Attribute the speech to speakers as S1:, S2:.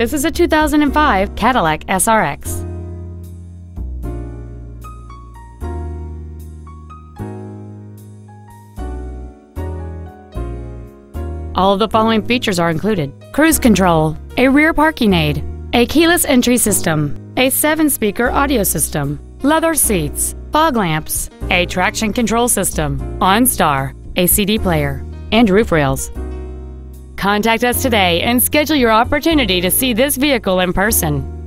S1: This is a 2005 Cadillac SRX. All of the following features are included. Cruise control, a rear parking aid, a keyless entry system, a seven-speaker audio system, leather seats, fog lamps, a traction control system, OnStar, a CD player, and roof rails. Contact us today and schedule your opportunity to see this vehicle in person.